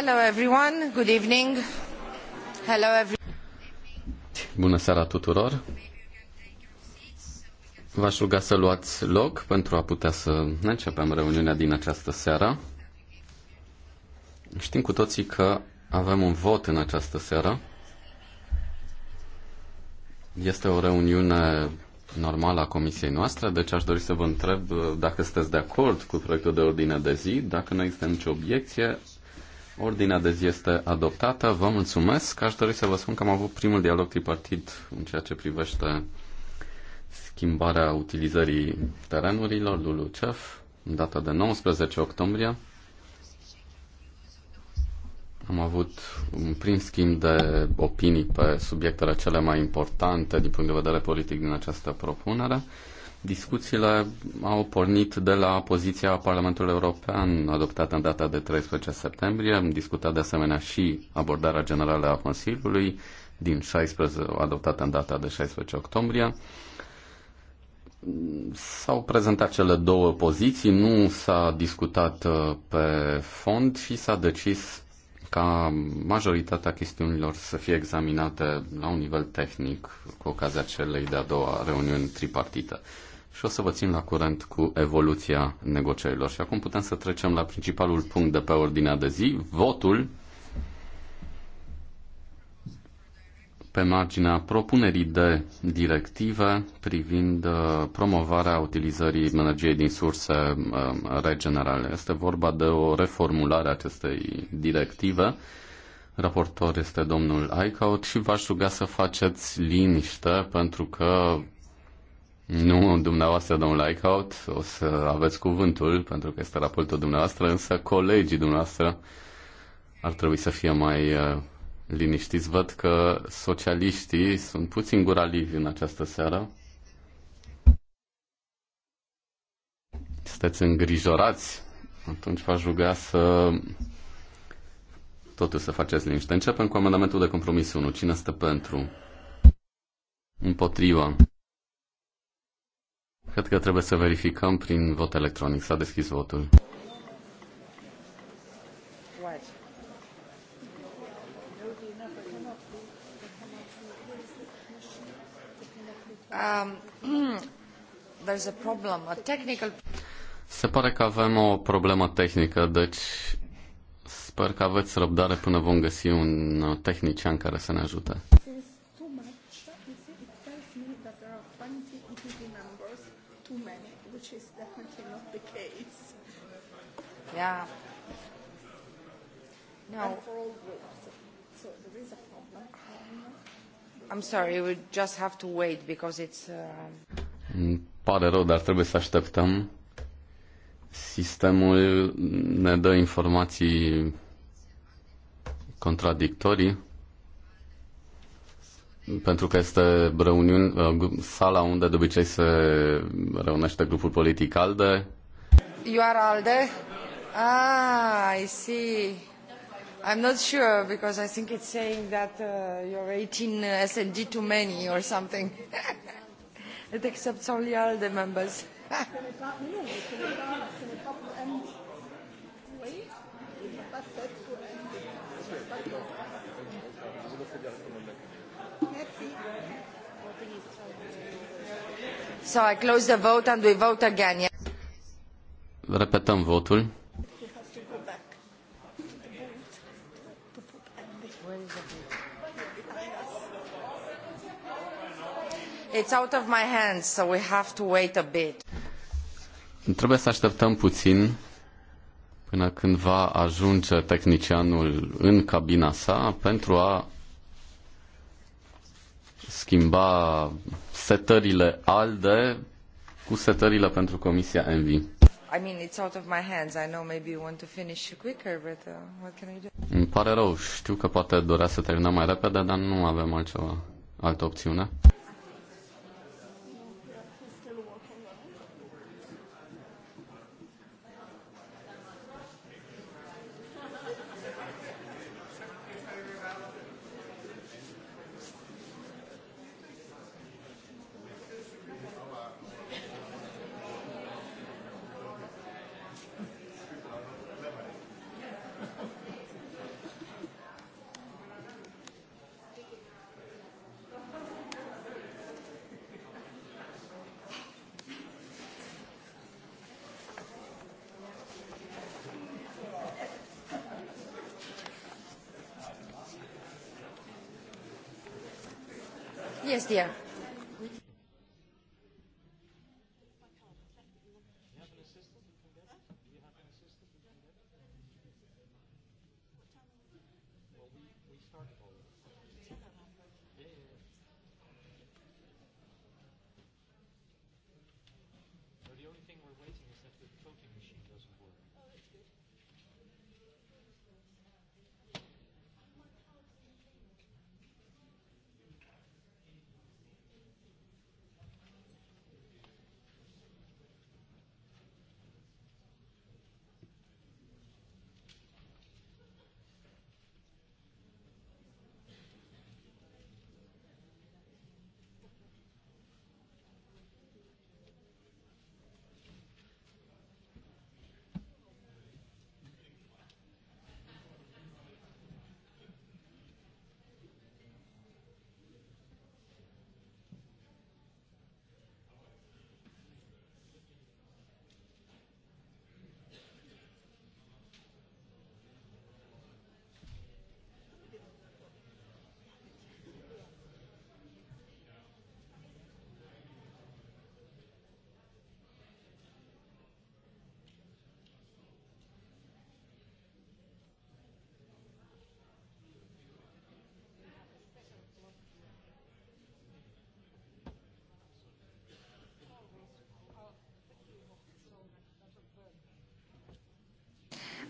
Hello everyone, good evening. Hello Bună seara tuturor. V-aș ruga să luați loc pentru a putea să începem reuniunea din această seară. Știm cu toții că avem un vot în această seară. Este o reuniune normală a comisiei noastre, deci aș dori să vă întreb dacă sunteți de acord cu proiectul de ordine de zi, dacă nu există nicio obiecție, Ordinea de zi este adoptată. Vă mulțumesc. Aș dori să vă spun că am avut primul dialog tripartit în ceea ce privește schimbarea utilizării terenurilor LULUCEF, data de 19 octombrie. Am avut un prim schimb de opinii pe subiectele cele mai importante din punct de vedere politic din această propunere. Discuțiile au pornit de la poziția Parlamentului European adoptată în data de 13 septembrie. Am discutat de asemenea și abordarea generală a Consiliului din 16, adoptată în data de 16 octombrie. S-au prezentat cele două poziții, nu s-a discutat uh, pe fond și s-a decis ca majoritatea chestiunilor să fie examinate la un nivel tehnic cu ocazia celei de-a doua reuniuni tripartită și o să vă țin la curent cu evoluția negocierilor. Și acum putem să trecem la principalul punct de pe ordinea de zi, votul pe marginea propunerii de directive privind uh, promovarea utilizării energiei din surse um, regenerale. Este vorba de o reformulare a acestei directive. Raportor este domnul Aicaut și v-aș ruga să faceți liniște pentru că nu, dumneavoastră, domnul Eichhout, o să aveți cuvântul, pentru că este raportul dumneavoastră, însă colegii dumneavoastră ar trebui să fie mai uh, liniștiți. Văd că socialiștii sunt puțin guralivi în această seară. Sunteți îngrijorați? Atunci v-aș ruga să totuși să faceți liniște. Începem cu amendamentul de compromis 1. Cine stă pentru? Împotriva. Cred că trebuie să verificăm prin vot electronic. S-a deschis votul. Um, hmm, there's a problem, a technical... Se pare că avem o problemă tehnică, deci sper că aveți răbdare până vom găsi un uh, tehnician care să ne ajute. Yeah. No. I'm sorry, we just have to wait because it's. Uh, pare rău, dar trebuie să așteptăm. Sistemul ne dă informații contradictorii pentru că este reuniun, uh, sala unde de obicei se reunește grupul politic ALDE. You are ALDE? Ah, I see. I'm not sure because I think it's saying that uh, you're 18 uh, SND too many or something. it accepts only all the members. so I close the vote and we vote again. Yeah? Repetăm votul. It's out of my hands, so we have to wait a bit. Trebuie să așteptăm puțin până când va ajunge tehnicianul în cabina sa pentru a schimba setările ALDE cu setările pentru Comisia ENVI. I mean, it's out of my hands. I know maybe you want to finish quicker, but uh, what can I do? Îmi pare rău. Știu că poate dorea să termină mai repede, dar nu avem altceva, altă opțiune. here.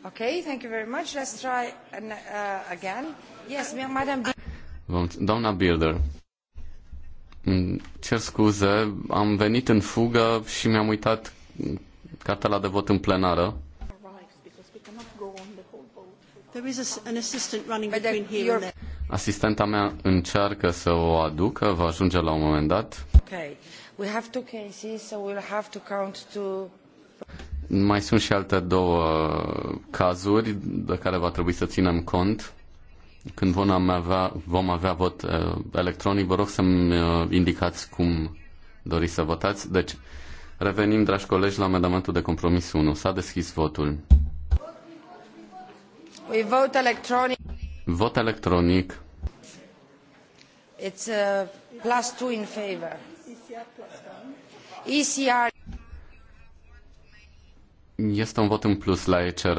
Okay, thank you very much. Let's try an, uh, again. Yes, Madam. Doamna Builder. Mm, cer scuze, am venit în fugă și mi-am uitat cartela de vot în plenară. Asistenta mea încearcă să o aducă, va ajunge la un moment dat. Okay. We have two cases, so we'll have to count to mai sunt și alte două cazuri de care va trebui să ținem cont. Când vom avea, vom avea vot uh, electronic, vă rog să-mi uh, indicați cum doriți să votați. Deci, revenim, dragi colegi, la amendamentul de compromis 1. S-a deschis votul. We vote electronic. Vot electronic. It's uh, plus two in favor. ECR. Este un vot în plus la ECR.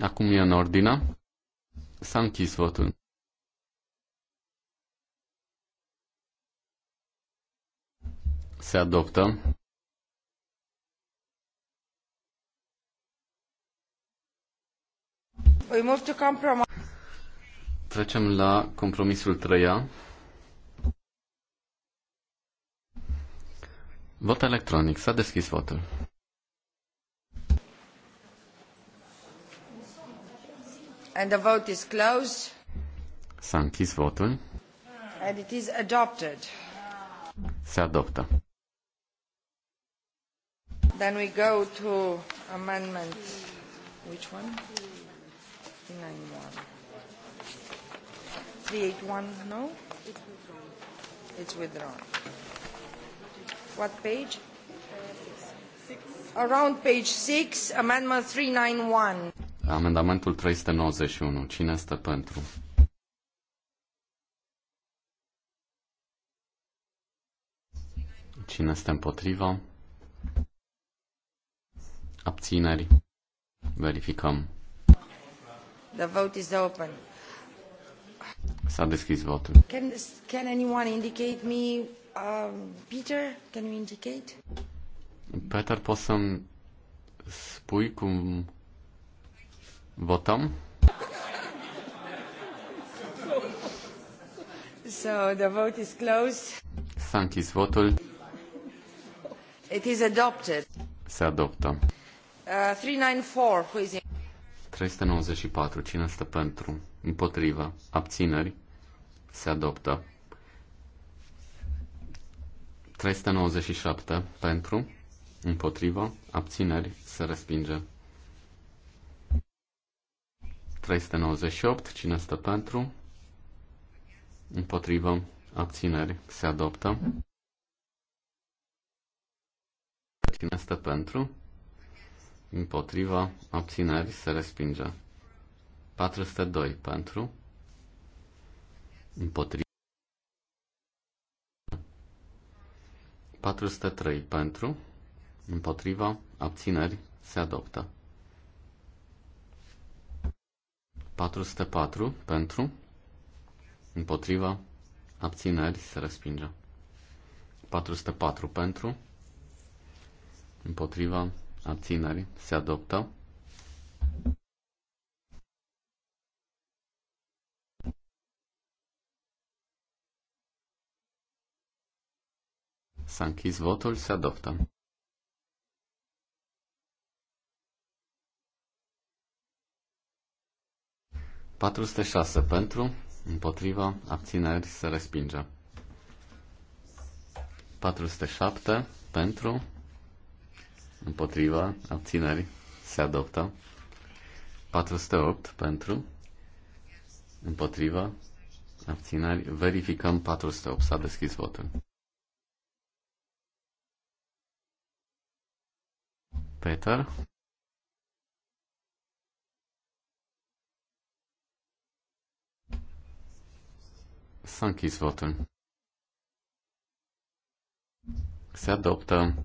Acum e în ordine. S-a închis votul. Se adoptă. Trecem la compromisul 3 Vot electronic. S-a deschis votul. And the vote is closed. S-a închis votul. And it is adopted. Se adoptă. Then we go to amendment. Which one? 391. 381, no? It's withdrawn. It's withdrawn. What page? Around page 6, amendment 391. Amendamentul 391. Cine este pentru? Cine este împotriva? Abțineri. Verificăm. The vote is open. S-a deschis votul. Can, can anyone indicate me Um, Peter, can you indicate? Peter, poți să-mi spui cum votăm? So the vote is closed. S-a închis votul. It is adopted. Se adoptă. Uh, 394, who is in... 394. Cine stă pentru? Împotriva. Abțineri. Se adoptă. 397 pentru, împotriva, abțineri, se respinge. 398, cine stă pentru, împotriva, abțineri, se adoptă. Cine stă pentru, împotriva, abțineri, se respinge. 402 pentru, împotriva. 403 pentru, împotriva, abțineri, se adoptă. 404 pentru, împotriva, abțineri, se respinge. 404 pentru, împotriva, abțineri, se adoptă. S-a închis votul, se adoptă. Patruste șase pentru, împotriva, abțineri, se respinge. 407 pentru, împotriva, abțineri, se adoptă. 408 pentru, împotriva, abțineri, verificăm 408, s-a deschis votul. Peter. S-a închis votul. Se adoptă.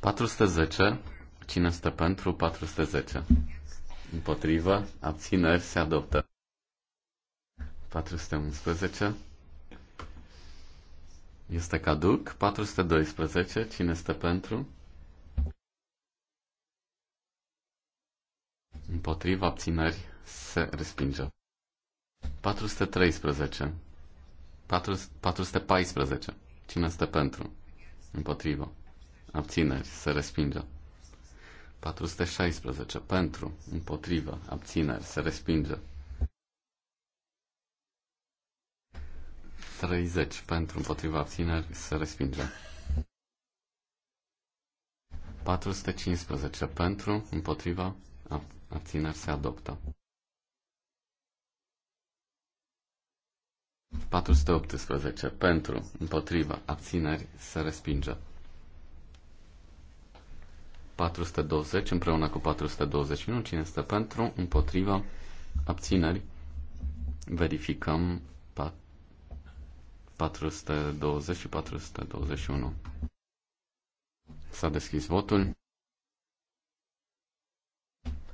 Patruste zece. Cine stă pentru? zece împotrivă, abțineri, se adoptă. 411 este caduc. 412, cine este pentru? Împotriva abțineri se respinge. 413. 414. Cine este pentru? Împotriva. Abțineri se respinge. 416 pentru, împotrivă, abțineri, se respinge. 30 pentru, împotriva, abțineri, se respinge. 415 pentru, împotriva, abțineri, se adoptă. 418 pentru, împotriva, abțineri, se respinge. 420 împreună cu 421. Cine este pentru? Împotriva? Abțineri? Verificăm 420 și 421. S-a deschis votul.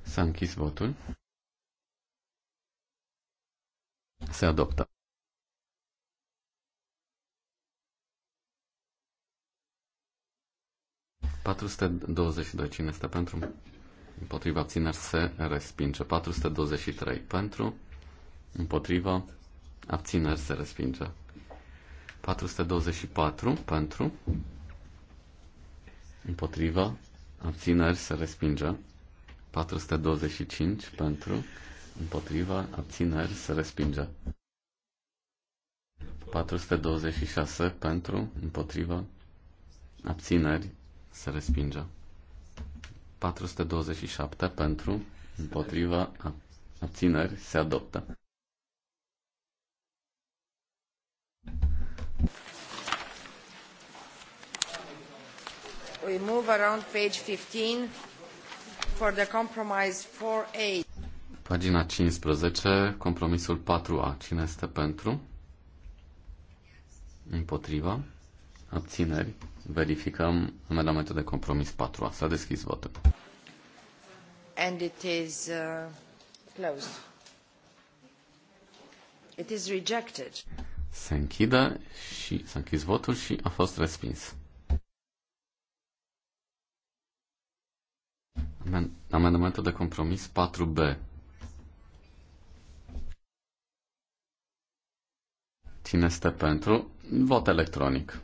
S-a închis votul. Se adoptă. 422. Cine este pentru? Împotriva abțineri se respinge. 423. Pentru? Împotriva abțineri se respinge. 424. Pentru? Împotriva abțineri se respinge. 425. Pentru? Împotriva abțineri se respinge. 426 pentru, împotriva, abțineri, se respinge. 427 pentru, împotriva, abțineri, se adoptă. We move around page 15 for the compromise 4A. Pagina 15, compromisul 4A. Cine este pentru? Împotriva? abțineri. Verificăm amendamentul de compromis 4. S-a deschis votul. And it is uh, closed. It is rejected. Se închide și s-a închis votul și a fost respins. Amendamentul de compromis 4B. Cine este pentru? Vot electronic.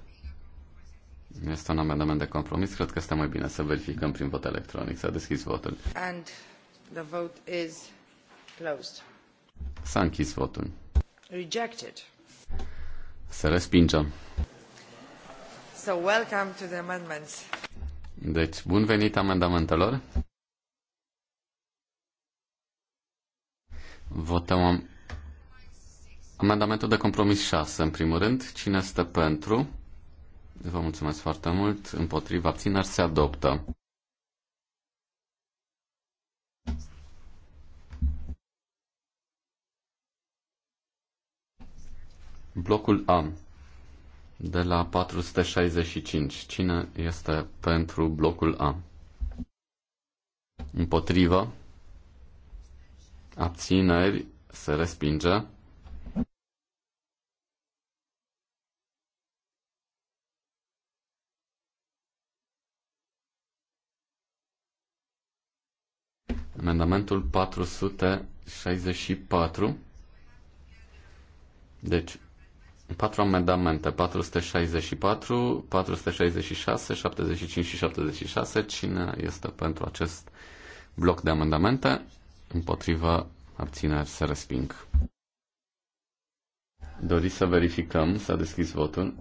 Este un amendament de compromis. Cred că este mai bine să verificăm prin vot electronic. S-a deschis votul. And the vote is closed. S-a închis votul. Rejected. Se respinge. So welcome to the amendments. Deci, bun venit amendamentelor. Votăm amendamentul de compromis 6, în primul rând. Cine este pentru? Vă mulțumesc foarte mult. Împotriva abțineri se adoptă. Blocul A de la 465. Cine este pentru blocul A? Împotriva. Abțineri se respinge. Amendamentul 464. Deci, patru amendamente, 464, 466, 75 și 76. Cine este pentru acest bloc de amendamente? Împotriva abțineri se resping. Doriți să verificăm, s-a deschis votul.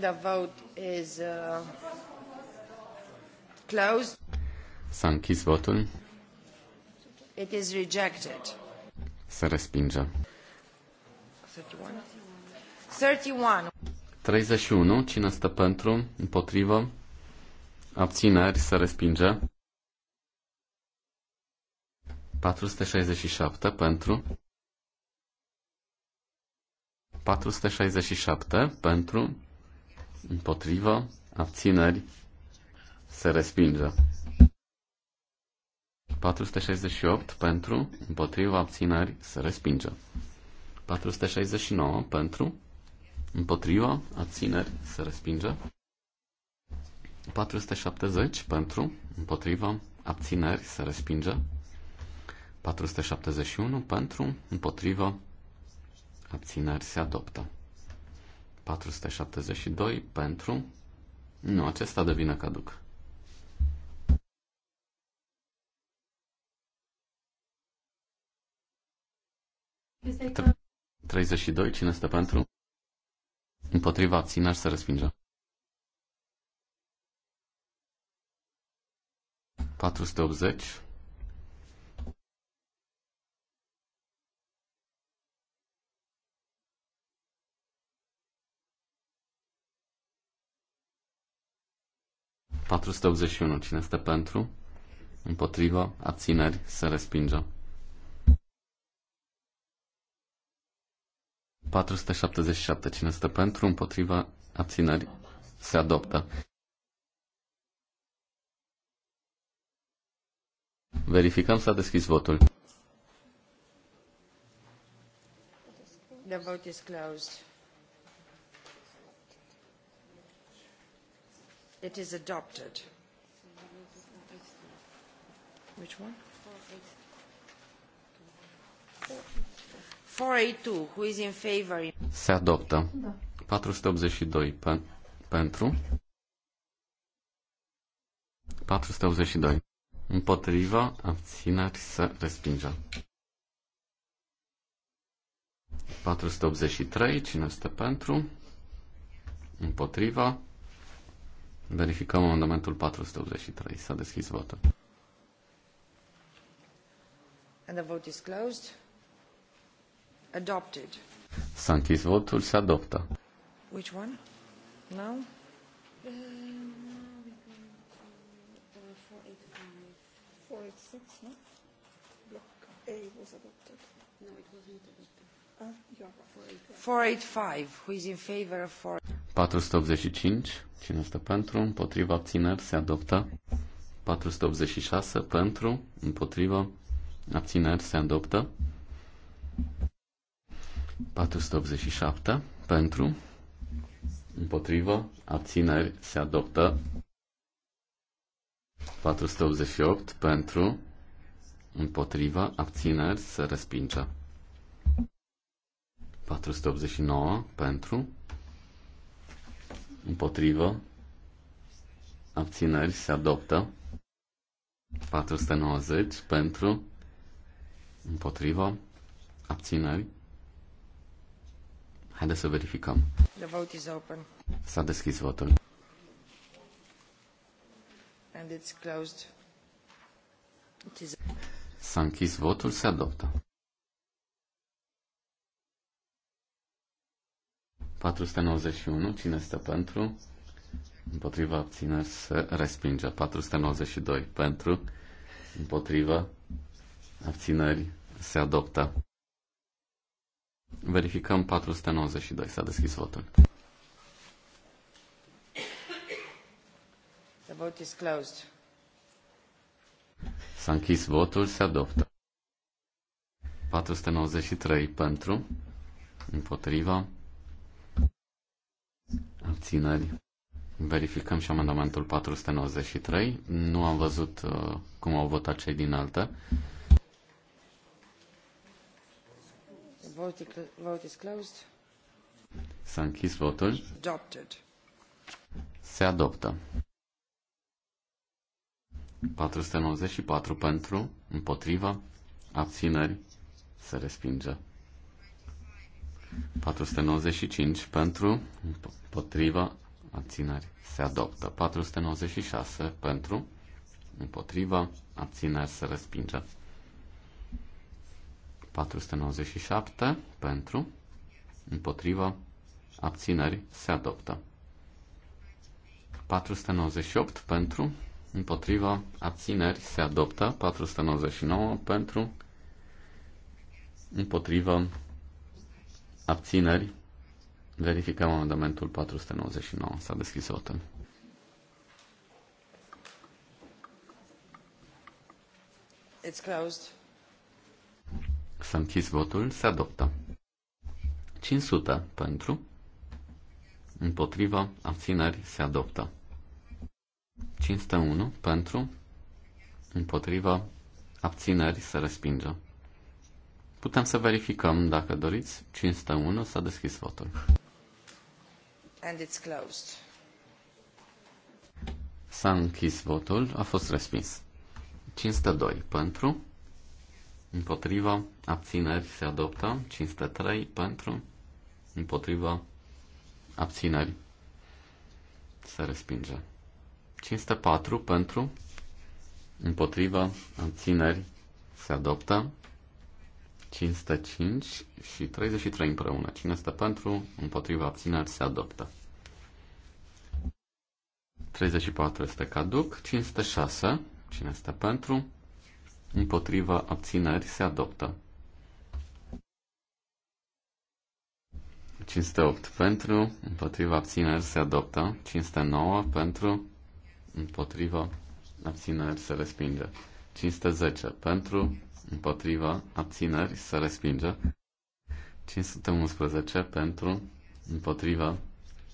The vote is uh, closed. S-a închis votul. It is rejected. Se respinge. 31. 31. 31. Cine stă pentru? Împotrivă? Abțineri? Se respinge. 467 pentru. 467 pentru împotrivă, abțineri, se respinge. 468 pentru, împotriva abțineri, se respinge. 469 pentru, împotriva abțineri, se respinge. 470 pentru, împotriva abțineri, se respinge. 471 pentru, împotriva abțineri, se adoptă. 472 pentru. Nu, acesta devine caduc. Tre- 32, cine este pentru? Împotriva abțineri să respinge. 480 481. Cine este pentru? Împotriva. Abțineri. Se respinge. 477. Cine este pentru? Împotriva. Abțineri. Se adoptă. Verificăm s-a deschis votul. The vote is closed. It is adopted. Which one? 482. Who is in favor? Se adoptă. 482 pe, pentru. 482. Împotriva, abțineri, se respinge. 483, cine este pentru? Împotriva, Verificăm amendamentul 483. S-a deschis votul. And the vote is closed. Adopted. S-a închis votul, se adoptă. Which one? No? Uh, um, 486, no? Block A was adopted. No, it wasn't adopted. Uh, 485. 485, who is in favor of 485? 485, cine este pentru, împotriva abțineri se adoptă. 486 pentru, împotriva abțineri se adoptă. 487 pentru, împotriva abțineri se adoptă. 488 pentru, împotriva abțineri se respinge. 489 pentru, împotrivă, abțineri se adoptă. 490 pentru, împotrivă, abțineri. Haideți să verificăm. The vote is open. S-a deschis votul. And it's closed. It is... S-a închis votul, se adoptă. 491. Cine este pentru? Împotriva abțineri se respinge. 492. Pentru. Împotriva abțineri se adoptă. Verificăm 492. S-a deschis votul. The vote is closed. S-a închis votul, se adoptă. 493 pentru, împotriva, Abțineri. Verificăm și amendamentul 493. Nu am văzut uh, cum au votat cei din altă. Vote, vote is closed. S-a închis votul. Adopted. Se adoptă. 494 pentru, împotriva, abțineri, se respinge. 495 pentru, împotriva, abțineri, se adoptă. 496 pentru, împotriva, abțineri, se respinge. 497 pentru, împotriva, abțineri, se adoptă. 498 pentru, împotriva, abțineri, se adoptă. 499 pentru, împotriva, abțineri, Verificăm amendamentul 499. S-a deschis votul. It's closed. S-a închis votul. Se adoptă. 500 pentru. Împotriva. Abțineri. Se adoptă. 501 pentru. Împotriva. Abțineri. Se respinge. Putem să verificăm, dacă doriți. 501 s-a deschis votul. And it's closed. S-a închis votul, a fost respins. 502 pentru, împotriva, abțineri se adoptă, 503 pentru, împotriva, abțineri se respinge. 504 pentru, împotriva, abțineri se adoptă, 505 și 33 împreună. Cine stă pentru? Împotriva abțineri se adoptă. 34 este caduc. 506. Cine stă pentru? Împotriva abțineri se adoptă. 508 pentru, împotriva abțineri se adoptă, 509 pentru, împotriva abțineri se respinge, 510 pentru, împotriva, abțineri, se respinge. 511 pentru, împotriva,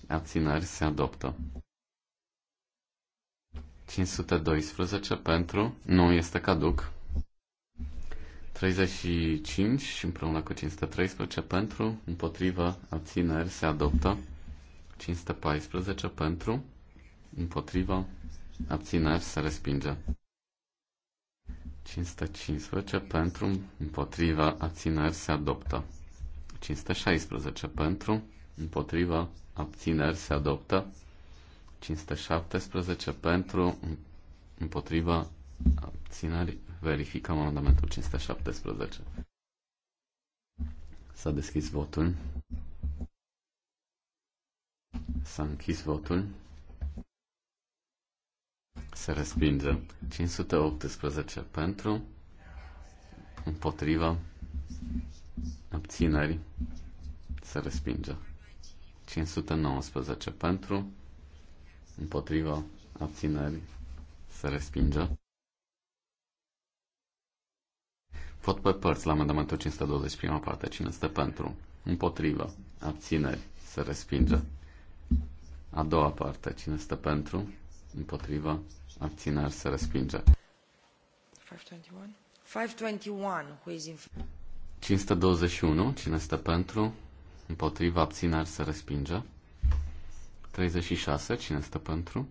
abțineri, se adoptă. 512 pentru, nu este caduc. 35 împreună cu 513 pentru, împotriva, abțineri, se adoptă. 514 pentru, împotriva, abțineri, se respinge. 515 pentru, împotriva, abțineri se adoptă. 516 pentru, împotriva, abțineri se adoptă. 517 pentru, împotriva, abțineri. Verificăm amendamentul 517. S-a deschis votul. S-a închis votul se respinge. 518 pentru, împotriva, abțineri, se respinge. 519 pentru, împotriva, abțineri, se respinge. Vot pe părți la amendamentul 520, prima parte. Cine este pentru? Împotrivă. Abțineri. Se respinge. A doua parte. Cine este pentru? Împotrivă abțineri se respinge. 521. 521, cine este pentru, împotriva, abțineri se respinge. 36, cine este pentru,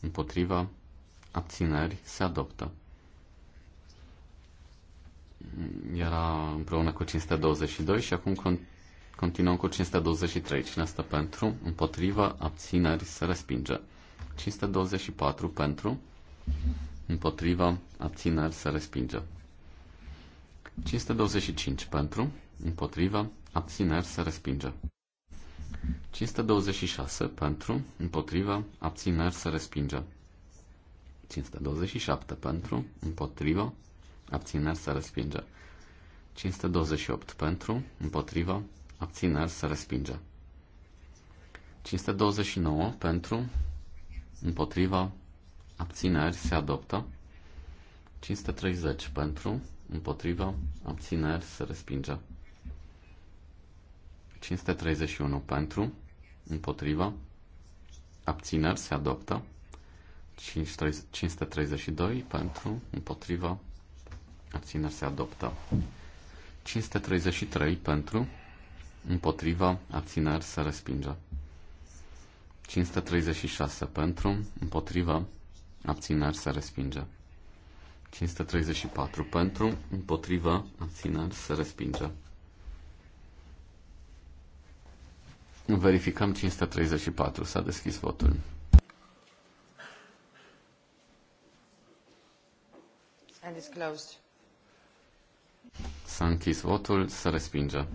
împotriva, abțineri se adoptă. Era împreună cu 522 și acum con- continuăm cu 523. Cine stă pentru, împotriva, abțineri se respinge. 524 pentru, împotriva, abțineri se respinge. 525 pentru, împotriva, abțineri se respinge. 526 pentru, împotriva, abțineri se respinge. 527 pentru, împotriva, abțineri se respinge. 528 pentru, împotriva, abțineri se respinge. 529 pentru, împotriva, abțineri se adoptă. 530 pentru, împotriva, abțineri se respinge. 531 pentru, împotriva, abțineri se adoptă. 532 pentru, împotriva, abțineri se adoptă. 533 pentru, împotriva, abțineri se respinge. 536 pentru, împotriva, abțineri se respinge. 534 pentru, împotriva, abțineri se respinge. Verificăm 534, s-a deschis votul. And closed. S-a închis votul, se respinge.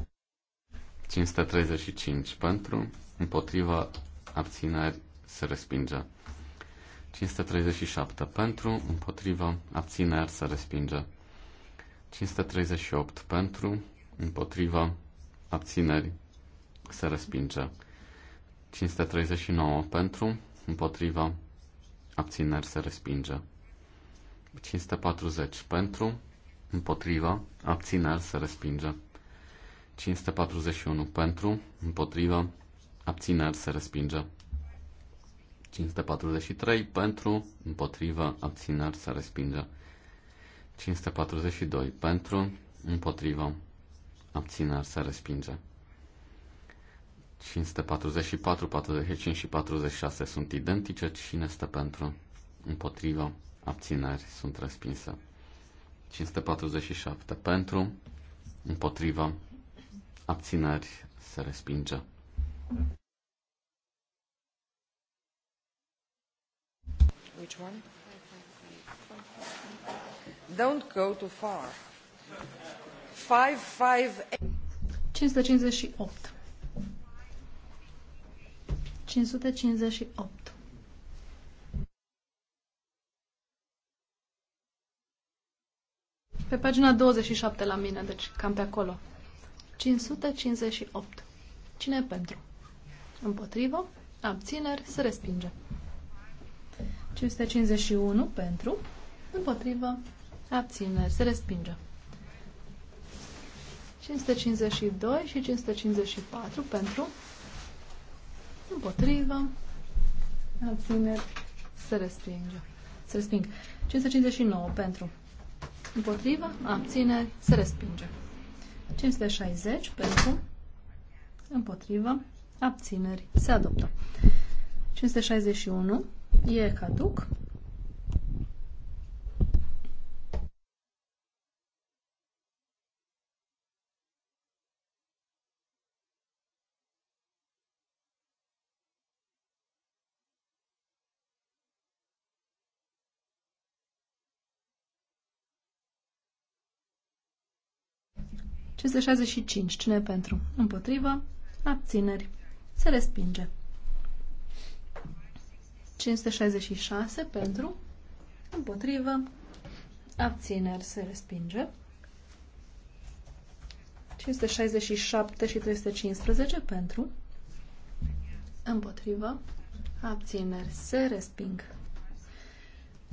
535 pentru, împotriva, abțineri, se respinge. 537 pentru, împotriva, abțineri, se respinge. 538 pentru, împotriva, abțineri, se respinge. 539 pentru, împotriva, abțineri, se respinge. 540 pentru, împotriva, abțineri, se respinge. 541 pentru, împotriva, abțineri se respinge. 543 pentru, împotriva, abțineri se respinge. 542 pentru, împotriva, abțineri se respinge. 544, 45 și 46 sunt identice. Cine este pentru? Împotriva. Abțineri sunt respinse. 547 pentru. Împotriva. Abțineri se respinge. Which one? Don't go too far. 558. 558. 558. Pe pagina 27 la mine, deci cam pe acolo. 558. Cine e pentru? Împotrivă. Abțineri. Se respinge. 551 pentru. Împotrivă. Abțineri. Se respinge. 552 și 554 pentru. Împotrivă. Abțineri. Se respinge. Se resping. 559 pentru. Împotrivă. Abțineri. Se respinge. 560 pentru. Împotrivă abțineri, se adoptă. 561 e caduc. Este 65. Cine pentru? Împotrivă. Abțineri. Se respinge. 566 pentru, împotrivă, abțineri se respinge. 567 și 315 pentru, împotrivă, abțineri se resping.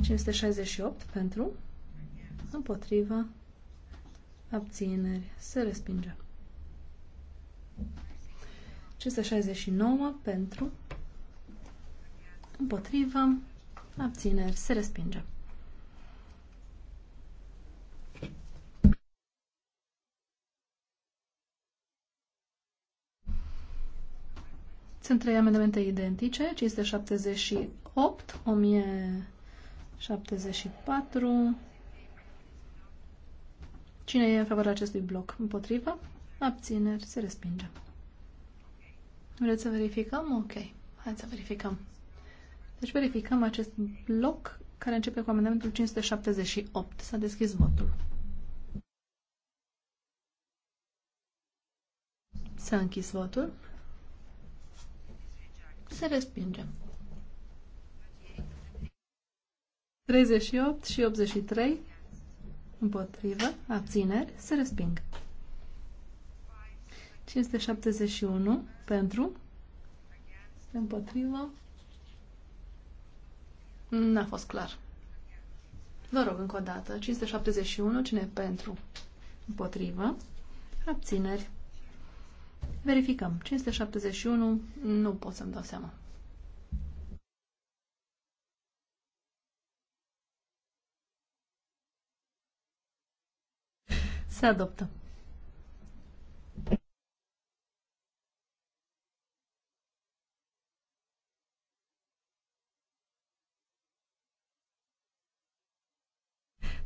568 pentru, împotrivă, abțineri se respinge. 569 pentru, împotrivă, abțineri, se respinge. Sunt trei amendamente identice, 578, 1074. Cine e în favoarea acestui bloc? Împotrivă? Abțineri, se respinge. Vreți să verificăm? Ok. Hai să verificăm. Deci verificăm acest bloc care începe cu amendamentul 578. S-a deschis votul. S-a închis votul. Se respinge. 38 și 83 împotrivă, abțineri, se resping. 571 pentru, împotrivă, n-a fost clar. Vă rog încă o dată, 571, cine pentru, împotrivă, abțineri. Verificăm, 571, nu pot să-mi dau seama. Se adoptă.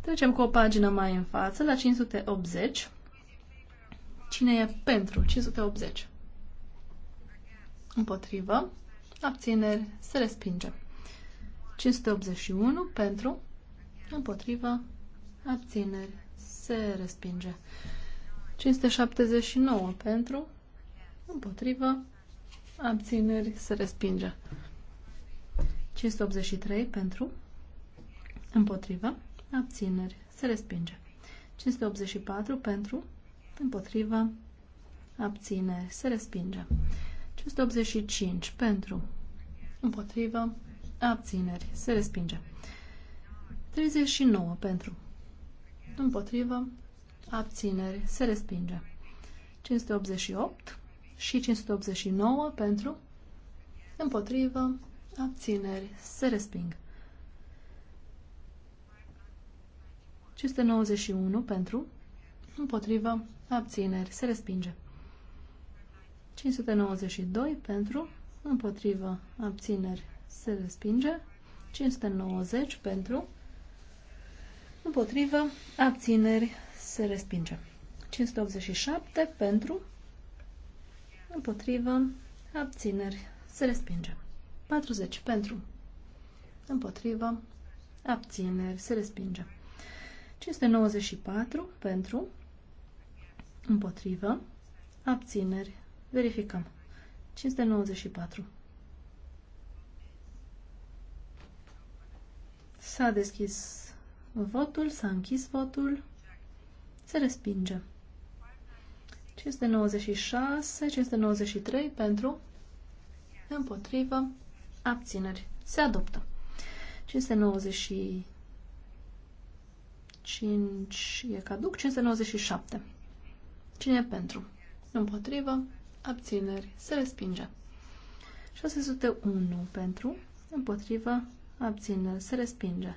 Trecem cu o pagină mai în față, la 580. Cine e pentru 580? Împotrivă. Abțineri. Se respinge. 581 pentru. Împotrivă. Abțineri. Se respinge. 579 pentru. Împotrivă. Abțineri. Se respinge. 583 pentru. Împotrivă abțineri, se respinge. 584 pentru, împotriva, abțineri, se respinge. 585 pentru, împotriva, abțineri, se respinge. 39 pentru, împotriva, abțineri, se respinge. 588 și 589 pentru, împotrivă, abțineri, se resping. 591 pentru, împotrivă, abțineri, se respinge. 592 pentru, împotrivă, abțineri, se respinge. 590 pentru, împotrivă, abțineri, se respinge. 587 pentru, împotrivă, abțineri, se respinge. 40 pentru, împotrivă, abțineri, se respinge. 594 pentru, împotrivă, abțineri, verificăm. 594. S-a deschis votul, s-a închis votul, se respinge. 596, 593 pentru, împotrivă, abțineri, se adoptă. 590 5 e caduc, 597. Cine e pentru? Împotrivă, abțineri, se respinge. 601 pentru, împotrivă, abțineri, se respinge.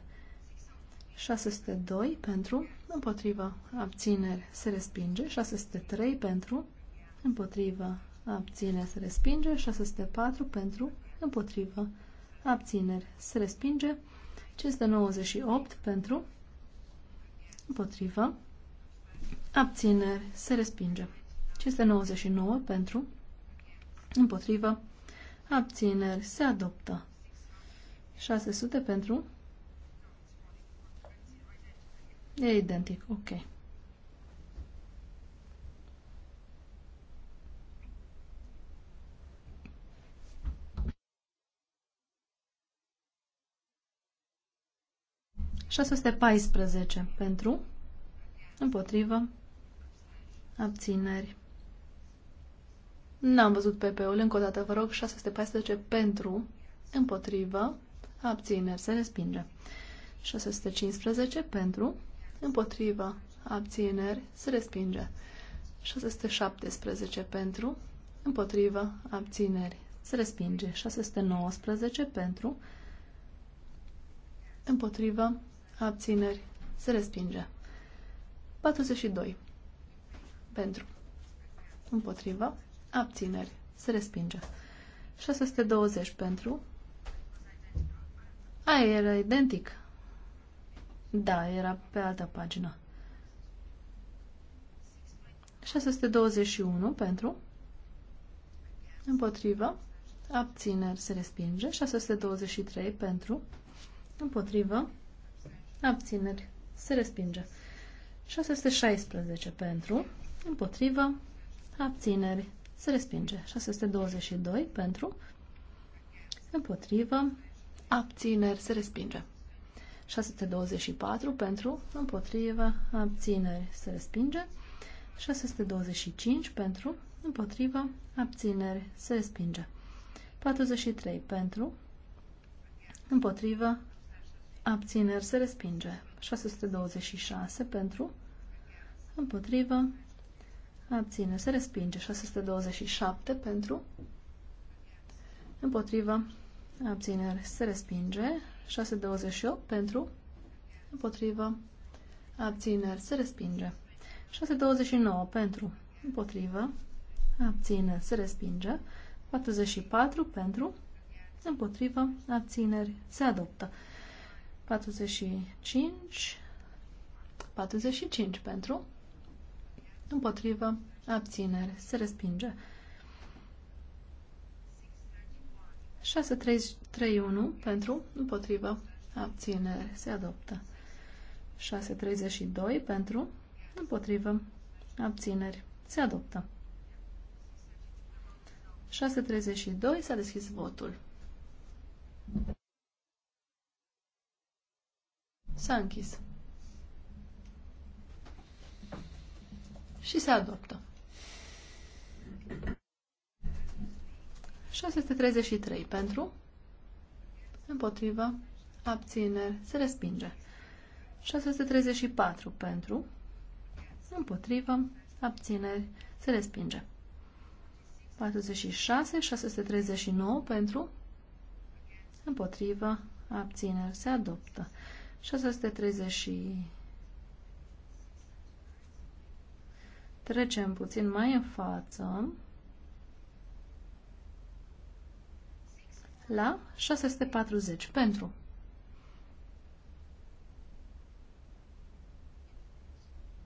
602 pentru, împotrivă, abțineri, se respinge. 603 pentru, împotrivă, abțineri, se respinge. 604 pentru, împotrivă, abțineri, se respinge. 598 pentru, Împotrivă. Abțineri. Se respinge. 599 pentru. Împotrivă. Abțineri. Se adoptă. 600 pentru. E identic. Ok. 614 pentru, împotrivă, abțineri. N-am văzut PP-ul, încă o dată vă rog, 614 pentru, împotrivă, abțineri, se respinge. 615 pentru, împotrivă, abțineri, se respinge. 617 pentru, împotrivă, abțineri, se respinge. 619 pentru, împotrivă, Abțineri. Se respinge. 42. Pentru. Împotriva. Abțineri. Se respinge. 620 pentru. Aia era identic. Da, era pe altă pagină. 621 pentru. Împotrivă. Abțineri se respinge. 623 pentru. Împotrivă abțineri, se respinge. 616 pentru, împotrivă, abțineri, se respinge. 622 pentru, împotrivă, abțineri, se respinge. 624 pentru, împotrivă, abțineri, se respinge. 625 pentru, împotrivă, abțineri, se respinge. 43 pentru, împotrivă, Abțineri se respinge. 626 pentru. Împotrivă. Abțineri se respinge. 627 pentru. Împotrivă. Abțineri se respinge. 628 pentru. Împotrivă. Abțineri se respinge. 629 pentru. Împotrivă. Abțineri se respinge. 44 pentru. Împotrivă. Abțineri se adoptă. 45, 45 pentru, împotrivă, abținere, se respinge. 631 pentru, împotrivă, abținere, se adoptă. 632 pentru, împotrivă, abțineri, se adoptă. 632 s-a deschis votul. S-a închis. Și se adoptă. 633 pentru, împotrivă, abțineri, se respinge. 634 pentru, împotrivă, abțineri, se respinge. 46, 639 pentru, împotrivă, abțineri, se adoptă. 630 Trecem puțin mai în față la 640 pentru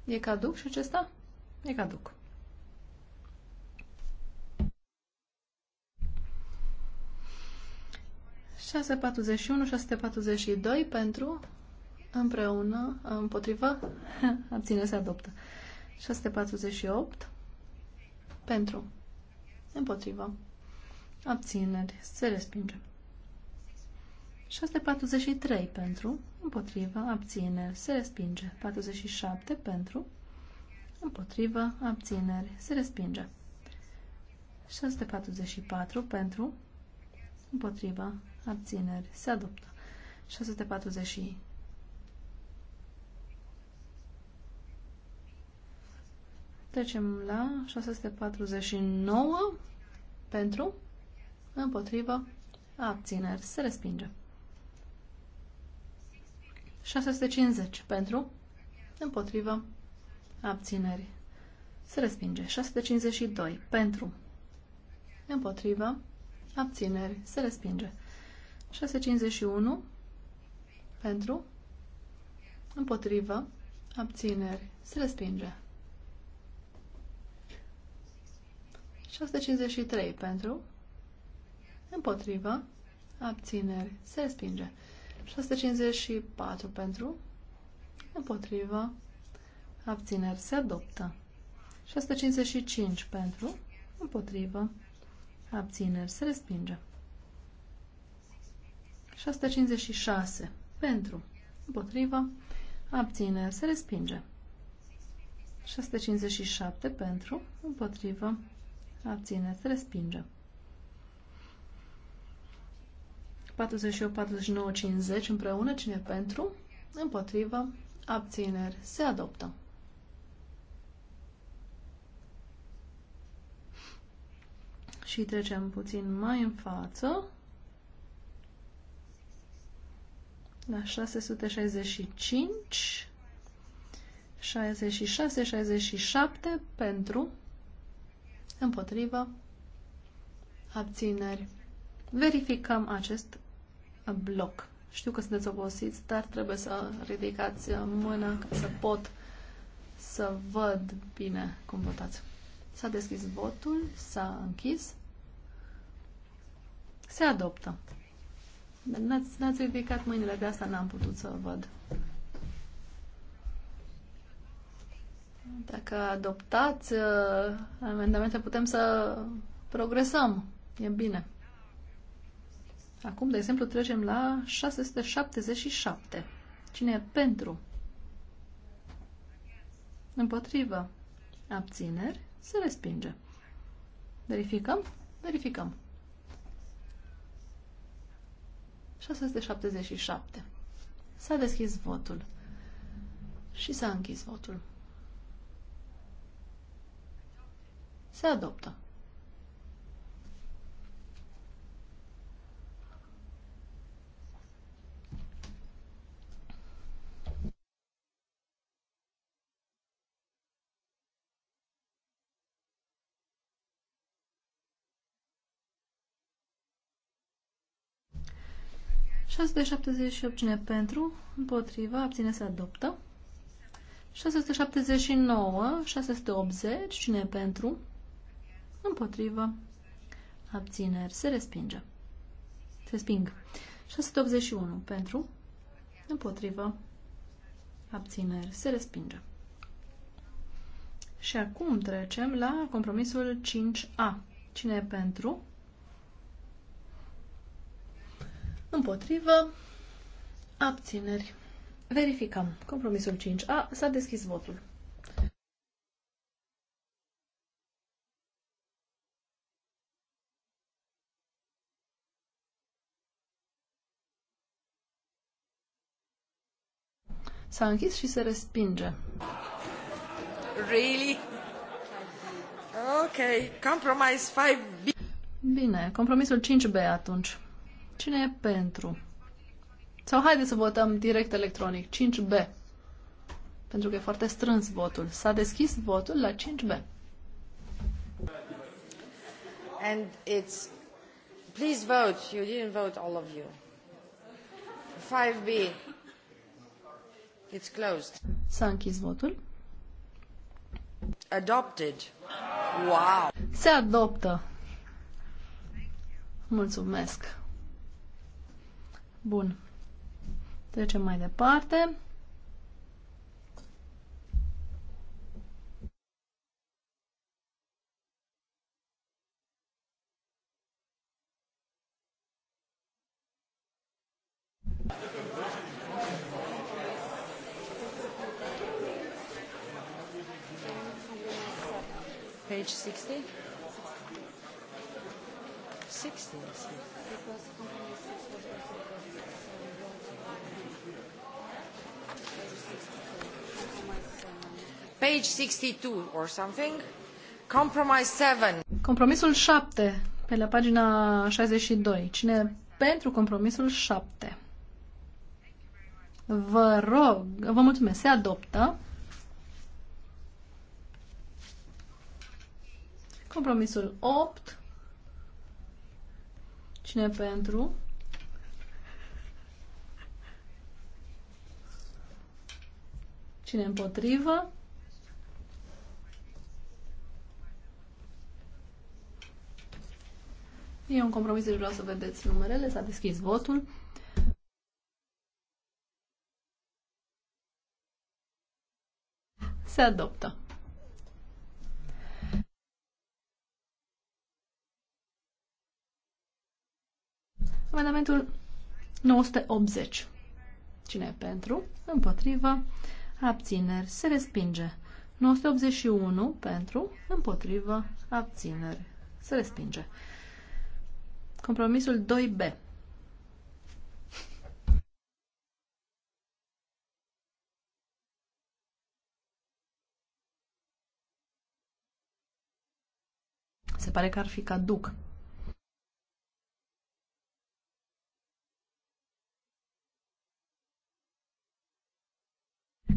E caduc și acesta? E caduc. șase patruzeci și unu, șase patruzeci și doi pentru împreună, împotrivă, abține, se adoptă. 648 pentru, împotrivă, abțineri, se respinge. 643 pentru, împotrivă, abțineri, se respinge. 47 pentru, împotrivă, abțineri, se respinge. 644 pentru, împotrivă, abțineri, se adoptă. 645 Trecem la 649 pentru, împotrivă, abțineri. Se respinge. 650 pentru, împotrivă, abțineri. Se respinge. 652 pentru, împotrivă, abțineri. Se respinge. 651 pentru, împotrivă, abțineri. Se respinge. 653 pentru, împotriva, abțineri, se respinge. 654 pentru, împotriva, abțineri, se adoptă. 655 pentru, împotriva, abțineri, se respinge. 656 pentru, împotriva, abțineri, se respinge. 657 pentru, împotrivă, abține, se respinge. 48, 49, 50 împreună, cine pentru, împotrivă, abțineri, se adoptă. Și trecem puțin mai în față. La 665, 66, 67 pentru, Împotrivă. Abțineri. Verificăm acest bloc. Știu că sunteți obosiți, dar trebuie să ridicați mâna ca să pot să văd bine cum votați. S-a deschis votul, s-a închis. Se adoptă. N-ați ridicat mâinile, de asta n-am putut să văd. Dacă adoptați uh, amendamente, putem să progresăm. E bine. Acum, de exemplu, trecem la 677. Cine e pentru? Împotrivă. Abțineri. Se respinge. Verificăm? Verificăm. 677. S-a deschis votul. Și s-a închis votul. Se adoptă. de 78 cine pentru, împotriva, abține se adoptă. 679, 680, cine pentru, împotrivă, abțineri, se respinge. Se resping. 681 pentru, împotrivă, abțineri, se respinge. Și acum trecem la compromisul 5A. Cine e pentru? Împotrivă, abțineri. Verificăm. Compromisul 5A s-a deschis votul. S-a închis și se respinge. Really? Ok, compromise 5B. Bine, compromisul 5B atunci. Cine e pentru? Sau haideți să votăm direct electronic, 5B. Pentru că e foarte strâns votul. S-a deschis votul la 5B. And it's... Please vote. You didn't vote all of you. 5B. It's closed. S-a închis votul. Adopted. Wow. Se adoptă. Mulțumesc. Bun. Trecem mai departe. Page 60? 60, yes. Because compromise 6 was also Page 62 or something. Compromise 7. Compromisul 7, pe la pagina 62. Cine pentru compromisul 7? Vă rog, vă mulțumesc, se adoptă. Compromisul 8. Cine pentru? Cine împotrivă? E un compromis, deci vreau să vedeți numerele. S-a deschis votul. Se adoptă. Amendamentul 980. Cine e pentru? Împotrivă. Abțineri. Se respinge. 981 pentru, împotrivă, abțineri. Se respinge. Compromisul 2B. Se pare că ar fi caduc.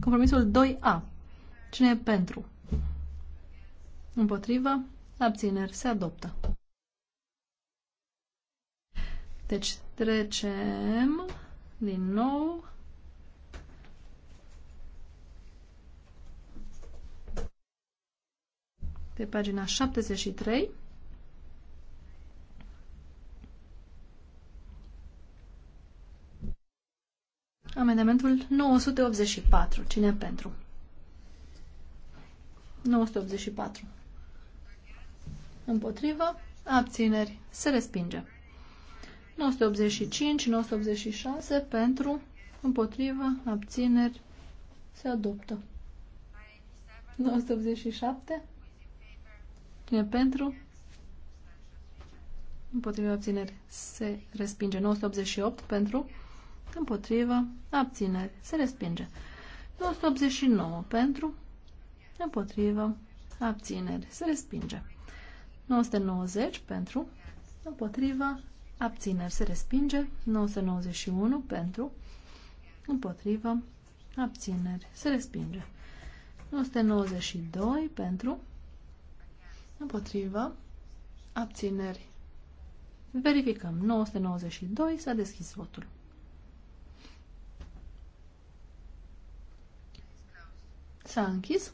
Compromisul 2A. Cine e pentru? Împotrivă? Abțineri. Se adoptă. Deci trecem din nou pe pagina 73 Amendamentul 984. Cine pentru? 984. Împotrivă. Abțineri. Se respinge. 985, 986 pentru, împotrivă, abțineri, se adoptă. 987 cine pentru, împotrivă, abțineri, se respinge. 988 pentru, împotrivă, abțineri, se respinge. 989 pentru, împotrivă, abțineri, se respinge. 990 pentru, împotrivă, abțineri, se respinge. 991 pentru, împotrivă, abțineri, se respinge. 992 pentru, împotrivă, abțineri. Verificăm. 992 s-a deschis votul. S-a închis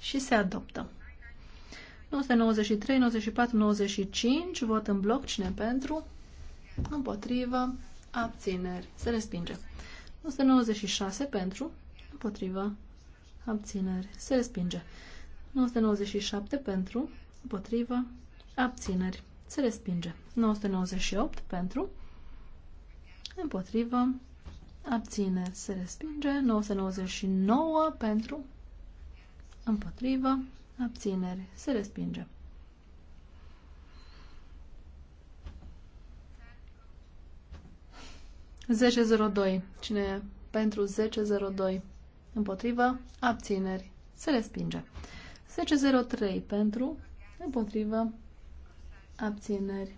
și se adoptă. 993, 94, 95, vot în bloc, cine pentru, împotrivă, abțineri, se respinge. 996 pentru, împotrivă, abțineri, se respinge. 997 pentru, împotrivă, abțineri, se respinge. 998 pentru, împotrivă, abține, se respinge, 999 pentru, împotrivă, abțineri, se respinge. Zece zero doi. Cine e? Pentru zece zero doi. Împotrivă, abțineri, se respinge. 10.03 pentru, împotrivă, abțineri.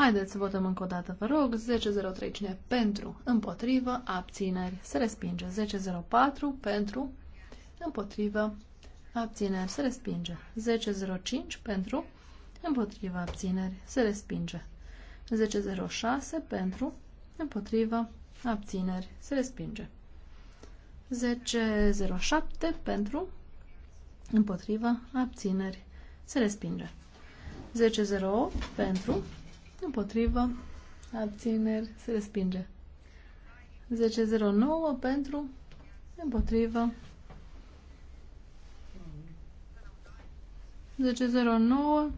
Haideți să votăm încă o dată, vă rog. 10.03 cine pentru, împotrivă, abțineri, se respinge. 10.04 pentru, împotrivă, abțineri, se respinge. 10.05 pentru, împotrivă, abțineri, se respinge. 10.06 pentru, împotrivă, abțineri, se respinge. 10.07 pentru, împotrivă, abțineri, se respinge. 10.08 pentru, Împotrivă. Abțineri. Se respinge. 1009 pentru. Împotrivă. 1009.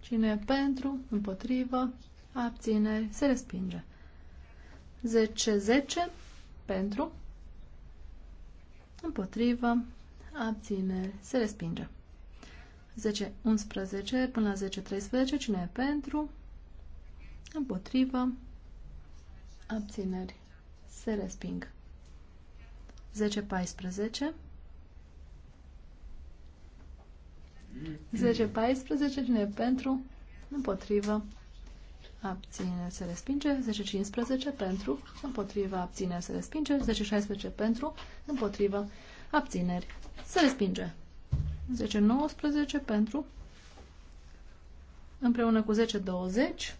Cine e pentru? Împotrivă. Abțineri. Se respinge. 10.10 pentru, împotrivă, abțineri, se respinge. 10, 11 până la 10, 13. Cine e pentru? Împotrivă. Abțineri. Se resping. 10, 14. 10, 14. Cine e pentru? Împotrivă. Abține, se respinge. 10-15 pentru, Împotrivă. abține, se respinge. 10-16 pentru, Împotrivă. abțineri, se respinge. 10-19 pentru împreună cu 10-20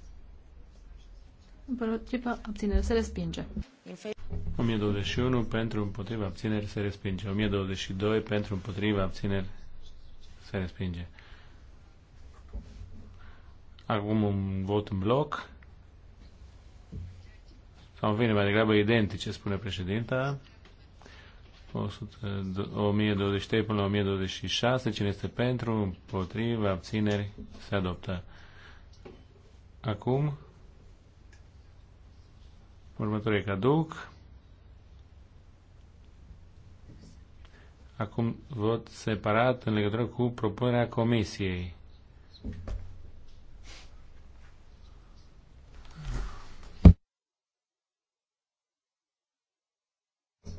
împotriva abțineri se respinge. 1021 pentru împotriva abțineri se respinge. 1022 pentru împotriva abțineri se respinge. Acum un vot în bloc. Sau în fine, mai degrabă identice, spune președinta. 1023 până la 1026. Cine este pentru, împotriva, abțineri, se adoptă. Acum, următoare caduc. Acum vot separat în legătură cu propunerea comisiei.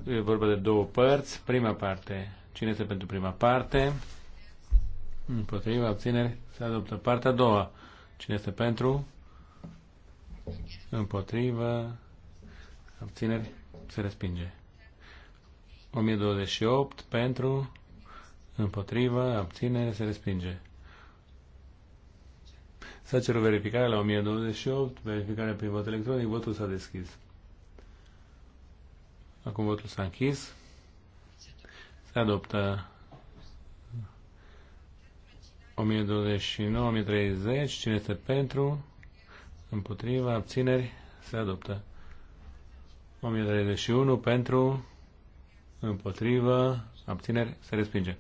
E vorba de două părți. Prima parte. Cine este pentru prima parte? Împotriva, abțineri, se adoptă. Partea a doua. Cine este pentru? Împotriva, abțineri, se respinge. 1028 pentru, împotriva, abținere, se respinge. S-a cerut verificare la 1028, verificare prin vot electronic, votul s-a deschis. Acum votul s-a închis. Se adoptă 1029, 1030. Cine este pentru? Împotriva. Abțineri. Se adoptă. 1031 pentru. Împotriva. Abțineri. Se respinge.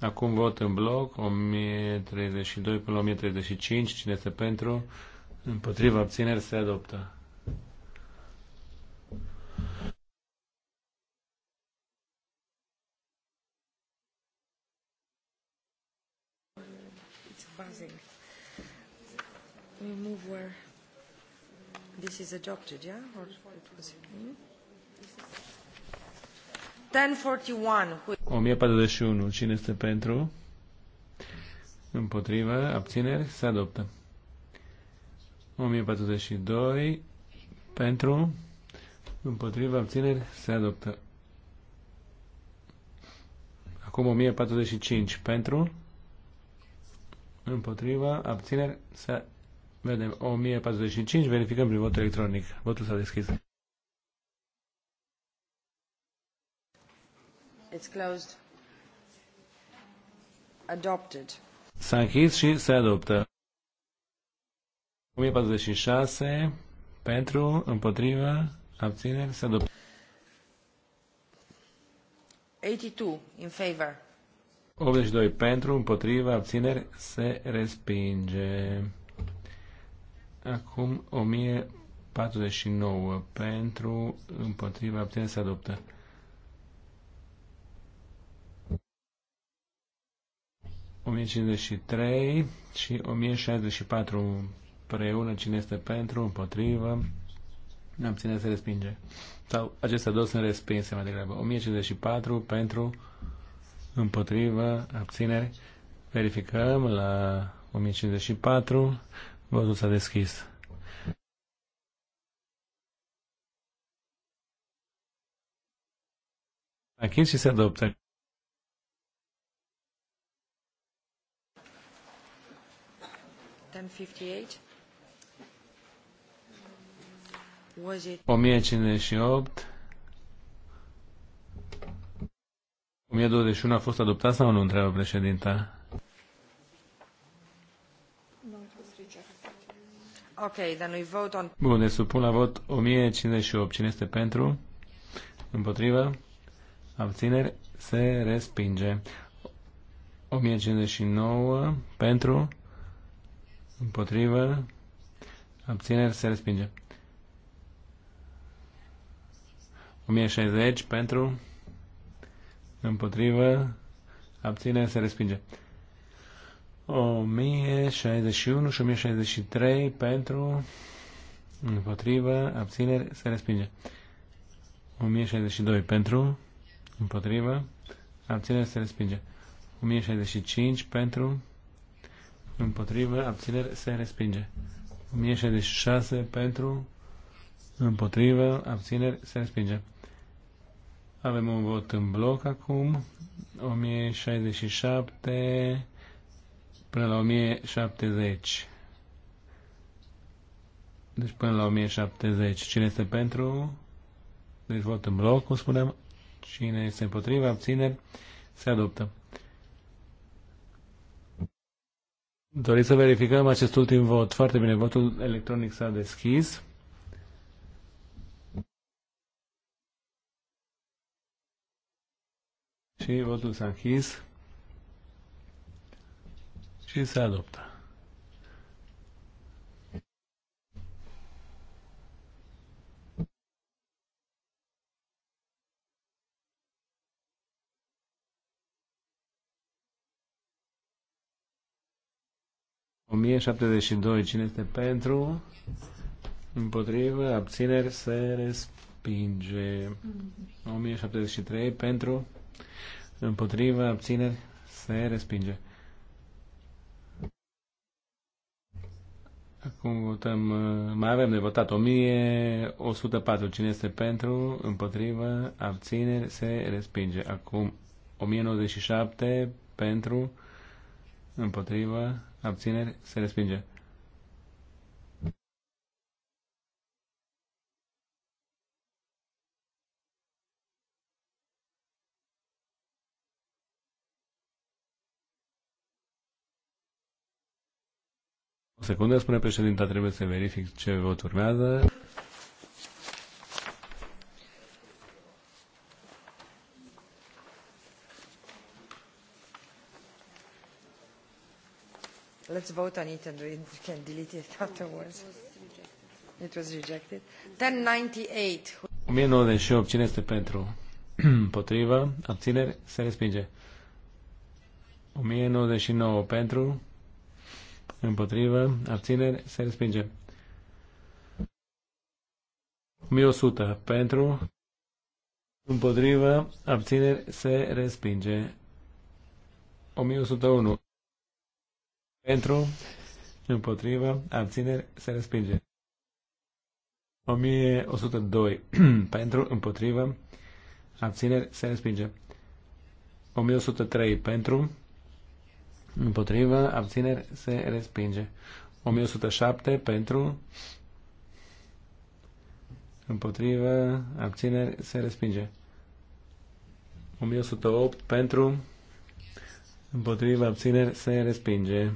Acum vot în bloc, 1032 până la 1035, cine este pentru, împotriva abțineri se adoptă. passing. We move where this is adopted, yeah? Or it was, hmm? 1041. 1041. Cine este pentru? Împotrivă. Abțineri. Se adoptă. 1042. Pentru. Împotrivă. Abțineri. Se adoptă. Acum 1045. Pentru împotriva, abțineri, să vedem, 1045, verificăm prin vot electronic. Votul s-a deschis. It's closed. Adopted. S-a închis și se adoptă. 1046 pentru, împotriva, abțineri, se adoptă. 82 in favor. 82 pentru, împotriva, abțineri, se respinge. Acum 1049 pentru, împotriva, abțineri, se adoptă. ...1053 și 1064 împreună, cine este pentru, împotrivă, ne abține să respinge. Sau acestea două sunt respinse mai degrabă. 1054 pentru, împotrivă, abțineri. Verificăm la 1054, votul s-a deschis. Achis și se adoptă. Was it... 1058 1021 a fost adoptat sau nu, întreabă președinta? Ok, then we vote on... Bun, deci supun la vot 1058. Cine este pentru? Împotrivă? Abțineri? Se respinge. 1059 pentru? Împotrivă? Abțineri? Se respinge. 1060 pentru? împotrivă, abține, se respinge. 1061 și 1063 pentru, împotrivă, abține, se respinge. 1062 pentru, împotrivă, abține, se respinge. 1065 pentru, împotrivă, abține, se respinge. 1066 pentru, împotrivă, abține, se respinge. Avem un vot în bloc acum. 1067 până la 1070. Deci până la 1070. Cine este pentru? Deci vot în bloc, cum spuneam. Cine este împotriva, abține, se adoptă. Doriți să verificăm acest ultim vot. Foarte bine, votul electronic s-a deschis. și votul s-a închis și se adoptă. O 1072, cine este pentru? Împotrivă, abțineri, se respinge. 1073, pentru, Împotrivă, abțineri, se respinge. Acum votăm, uh, mai avem de votat 1104. Cine este pentru, împotrivă, abțineri, se respinge. Acum 1097 pentru, împotrivă, abțineri, se respinge. O secundă, spune președinta, trebuie să verific ce vot urmează. Let's vote on it and we can delete it afterwards. It was rejected. 1098. 1098. Cine este pentru? Potriva. Abțineri. Se respinge. 1099 pentru împotrivă, abțineri, se respinge. 1100 pentru, împotrivă, abțineri, se respinge. 1101 pentru, împotrivă, abțineri, se respinge. 1102 pentru, împotrivă, abțineri, se respinge. 1103 pentru, Împotrivă, abțineri, se respinge. 1107 pentru. Împotrivă, abțineri, se respinge. 1108 pentru. Împotrivă, abțineri, se respinge.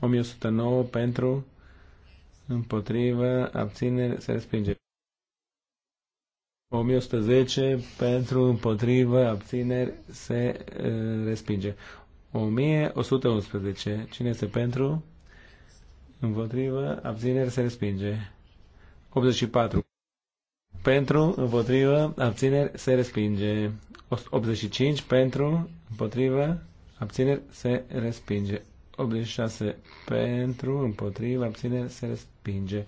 1109 pentru. Împotrivă, abțineri, se respinge. 1110 pentru împotrivă abțineri se uh, respinge. 1111. Cine este pentru? Împotrivă. Abțineri se respinge. 84. Pentru, împotrivă, abțineri se respinge. 85. Pentru, împotrivă, abțineri se respinge. 86. Pentru, împotrivă, abțineri se respinge.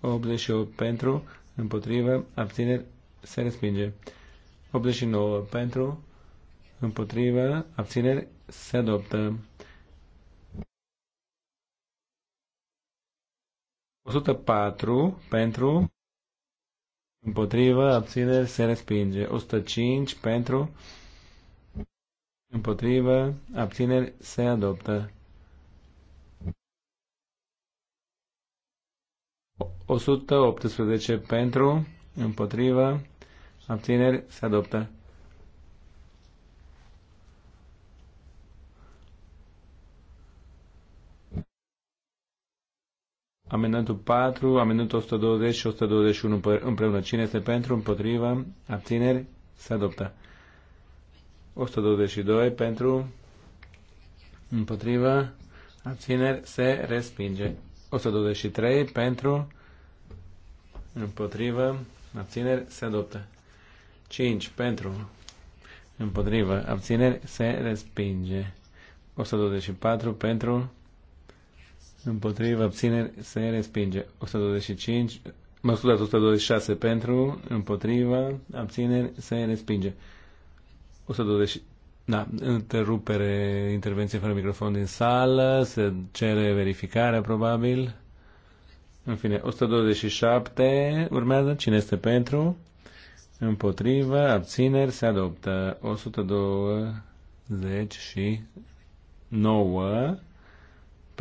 88. Pentru, împotrivă, abțineri se respinge. 89. Pentru, împotrivă, abțineri se adoptă. 104 pentru, împotrivă, abțineri, se respinge. 105 pentru, împotrivă, abțineri, se adoptă. 118 pentru, împotrivă, abțineri, se adoptă. Amendamentul 4, amendamentul 120 și 121 împreună. Cine este pentru, împotrivă, abțineri, se adoptă. 122 pentru, împotrivă, abțineri, se respinge. 123 pentru, împotrivă, abțineri, se adoptă. 5 pentru, împotrivă, abțineri, se respinge. 124 pentru, împotriva abțineri se respinge. 125, mă scuzați, 126 pentru, împotriva abțineri se respinge. 120, da, întrerupere, intervenție fără microfon din sală, se cere verificarea probabil. În fine, 127 urmează, cine este pentru? Împotrivă, abțineri, se adoptă 129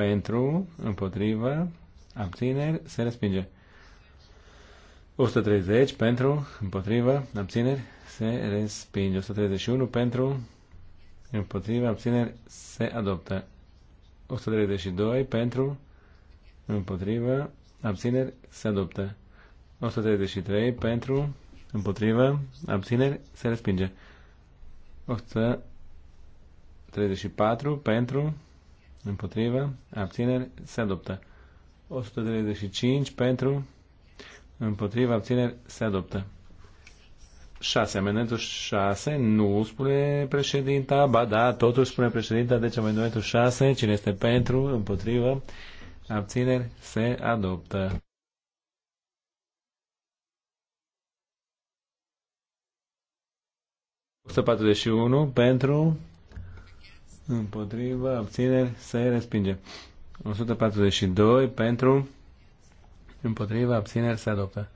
pentru, împotrivă, abțineri, se respinge. 130 pentru, împotrivă, abțineri, se respinge. 131 pentru, împotrivă, abțineri, se adoptă. 132 pentru, împotrivă, abțineri, se adoptă. 133 pentru, împotrivă, abțineri, se respinge. 134 pentru, Împotrivă. Abțineri. Se adoptă. 135 pentru. Împotrivă. Abțineri. Se adoptă. 6. Amendamentul 6. Nu spune președinta. Ba da, totuși spune președinta. Deci amendamentul 6. Cine este pentru? Împotrivă. Abțineri. Se adoptă. unu pentru Împotrivă, abțineri, se respinge. 142 pentru, împotrivă, abțineri, se adoptă.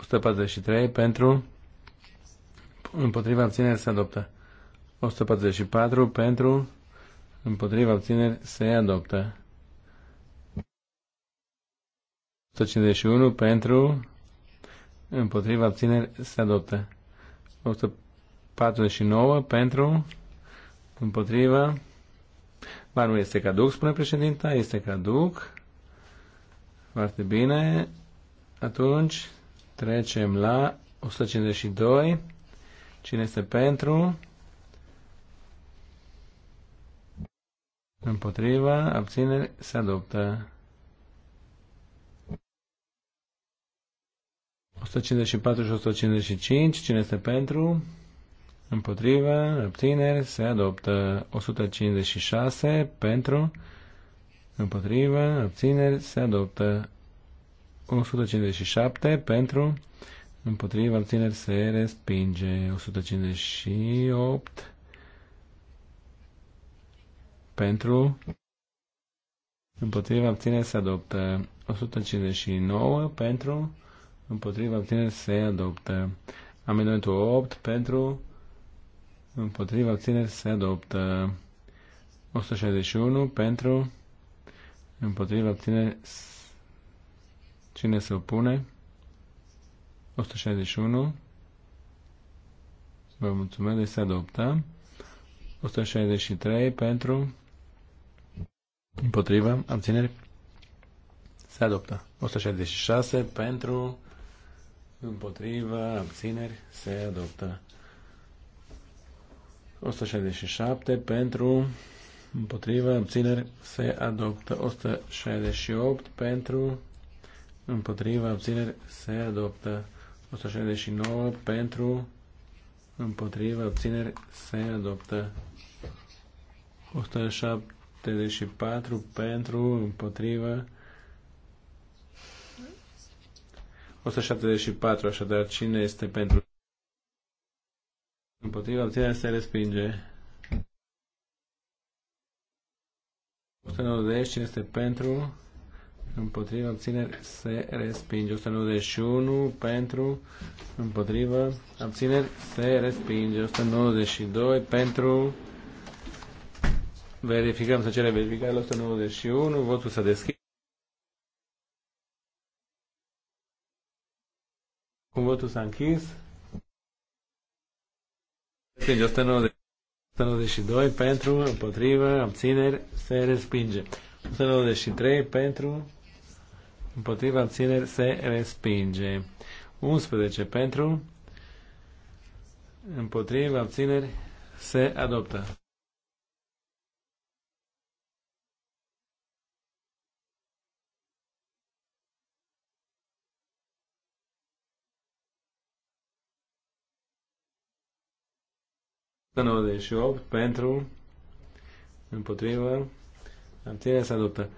143 pentru, împotrivă, abțineri, se adoptă. 144 pentru, împotrivă, abțineri, se adoptă. 151 pentru, împotrivă, abțineri, se adoptă. 149 pentru, Împotrivă. Ba nu este caduc, spune președinta, este caduc. Foarte bine. Atunci trecem la 152. Cine este pentru? Împotriva, abțineri, se adoptă. 154 și 155, cine este pentru? împotrivă, abțineri, se adoptă 156 pentru, împotrivă, abțineri, se adoptă 157 pentru, împotrivă, abțineri, se respinge 158 pentru, împotriva, abțineri, se adoptă 159 pentru, împotriva, abțineri, se adoptă amendamentul 8 pentru, împotriva obțineri se adoptă. 161 pentru, împotriva obțineri, cine se opune? 161, vă mulțumesc, de deci se adoptă. 163 pentru, împotriva, abțineri, se adoptă. 166 pentru, împotriva, abțineri, se adoptă. 167 pentru, împotrivă, obțineri se adoptă. 168 pentru, împotrivă, obțineri se adoptă. 169 pentru, împotrivă, obțineri se adoptă. 174 pentru, împotrivă, 174, așadar, cine este pentru? împotriva obținerea se respinge. cine este pentru, împotriva abțineri se respinge. 191 pentru, împotriva abțineri se respinge. 192 pentru, verificăm să cere verificare 191, votul s-a deschis. Cum votul s-a închis? respinge. 192 pentru, împotrivă, abțineri, se respinge. 193 pentru, împotrivă, abțineri, se respinge. 11 pentru, împotrivă, abțineri, se adoptă. 98 pentru, împotrivă, abținere se adoptă.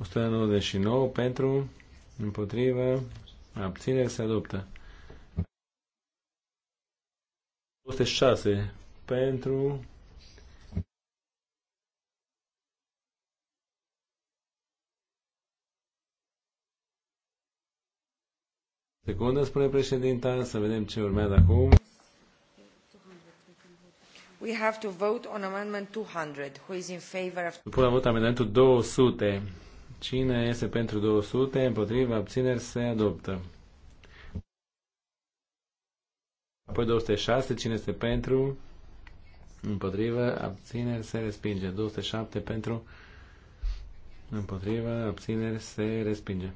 199 pentru, împotrivă, abținere se adoptă. 206 pentru, Secundă, spune președinta, să vedem ce urmează acum. We have to vote on amendment 200. Who is in favor of... Pune vot amendamentul 200. Cine este pentru 200? Împotriva abțineri se adoptă. Apoi 206. Cine este pentru? Împotrivă, abțineri, se respinge. 207 pentru, împotrivă, abțineri, se respinge.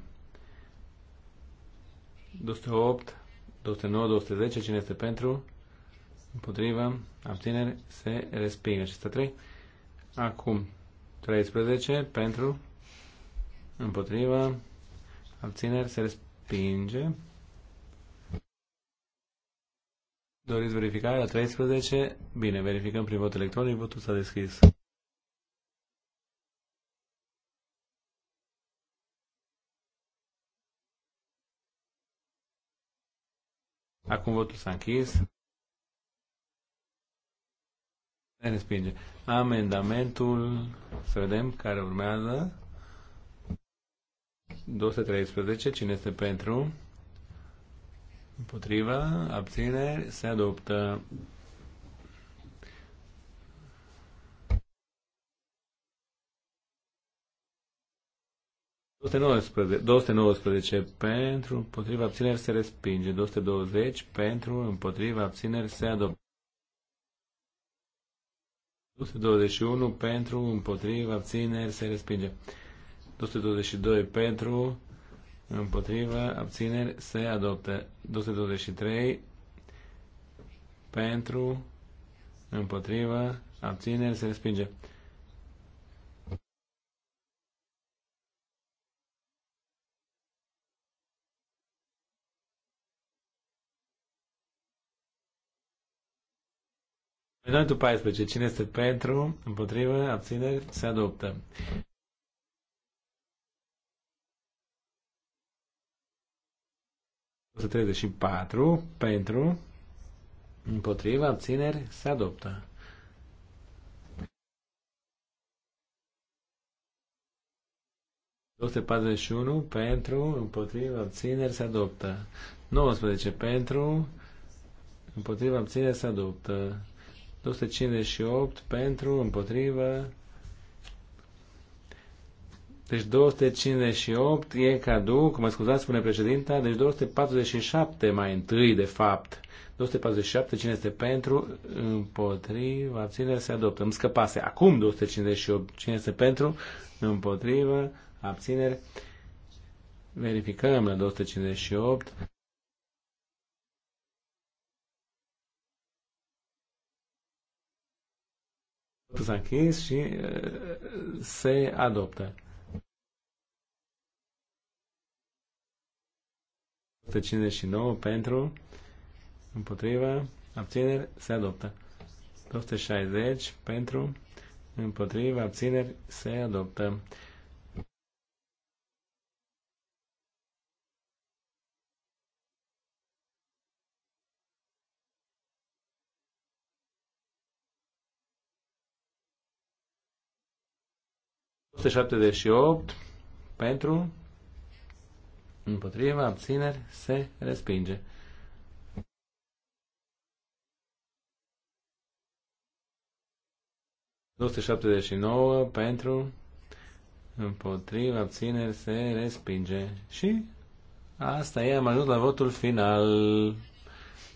208, 209, 210, cine este pentru? împotriva, abțineri, se respinge. trei. Acum, 13 pentru, împotriva, abțineri, se respinge. Doriți verificarea 13? Bine, verificăm prin vot electronic, votul s-a deschis. Acum votul s-a închis. Se respinge. Amendamentul, să vedem, care urmează. 213, cine este pentru? Împotriva, abțineri, se adoptă. ...219, 219 pentru, împotriva abțineri se respinge, 220 pentru, împotriva abțineri se adoptă. 221 pentru, împotriva, abțineri, se respinge. 222 pentru, împotriva, abțineri, se adoptă. 223 pentru, împotriva, abțineri, se respinge. Amendamentul 14. Cine este pentru? Împotrivă? Abțineri? Se adoptă. patru pentru, împotriva, abțineri, se adoptă. unu pentru, împotriva, abțineri, se adoptă. 19 pentru, împotriva, abțineri, se adoptă. 258 pentru, împotrivă. Deci 258 e caduc, mă scuzați, spune președinta, deci 247 mai întâi, de fapt. 247, cine este pentru, împotrivă, abținere, se adoptă. Îmi scăpase. Acum 258, cine este pentru, împotrivă, abținere. Verificăm la 258. S-a închis și se adoptă. 159 pentru, împotriva, abțineri, se adoptă. 260 pentru, împotriva, abțineri, se adoptă. 178 pentru, împotriva, abțineri, se respinge. nouă pentru, împotriva, abțineri, se respinge. Și asta e, am ajuns la votul final.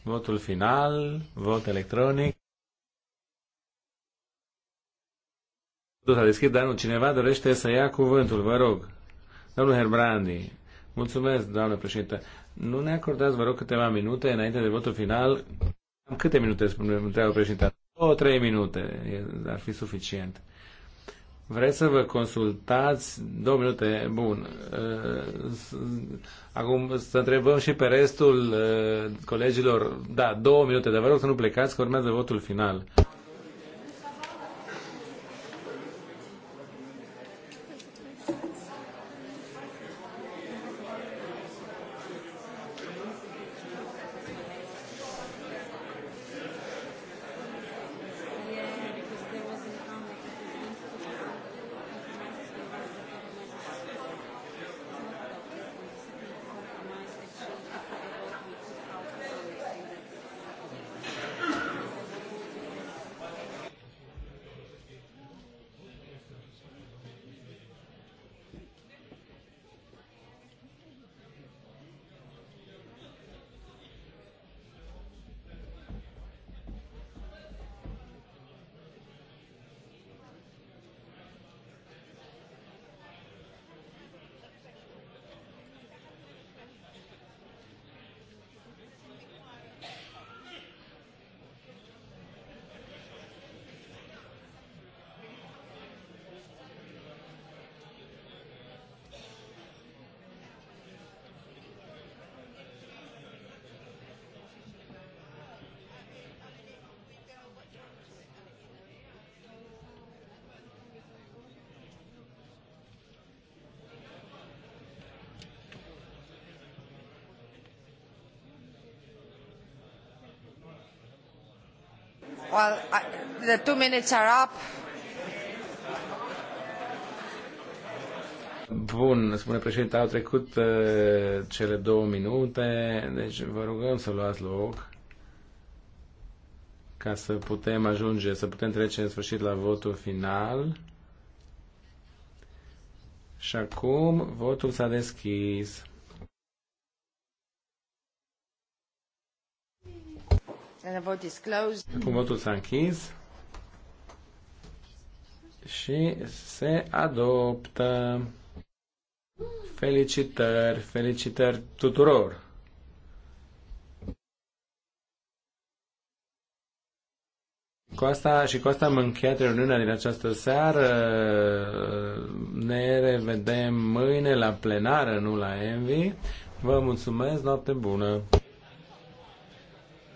Votul final, vot electronic. S-a deschis, dar nu, cineva dorește să ia cuvântul, vă rog. Domnul Herbrandi, mulțumesc, doamnă președinte. Nu ne acordați, vă rog, câteva minute înainte de votul final? Câte minute, spune, întreabă președinte? O, trei minute, ar fi suficient. Vreți să vă consultați? Două minute, bun. Uh, acum să întrebăm și pe restul uh, colegilor. Da, două minute, dar vă rog să nu plecați, că urmează votul final. Well, I, the two minutes are up. Bun, spune președinte, au trecut uh, cele două minute, deci vă rugăm să luați loc ca să putem ajunge, să putem trece în sfârșit la votul final. Și acum votul s-a deschis. vote votul s-a închis și se adoptă. Felicitări, felicitări tuturor! Cu asta, și cu asta am încheiat reuniunea din această seară. Ne revedem mâine la plenară, nu la Envy. Vă mulțumesc, noapte bună!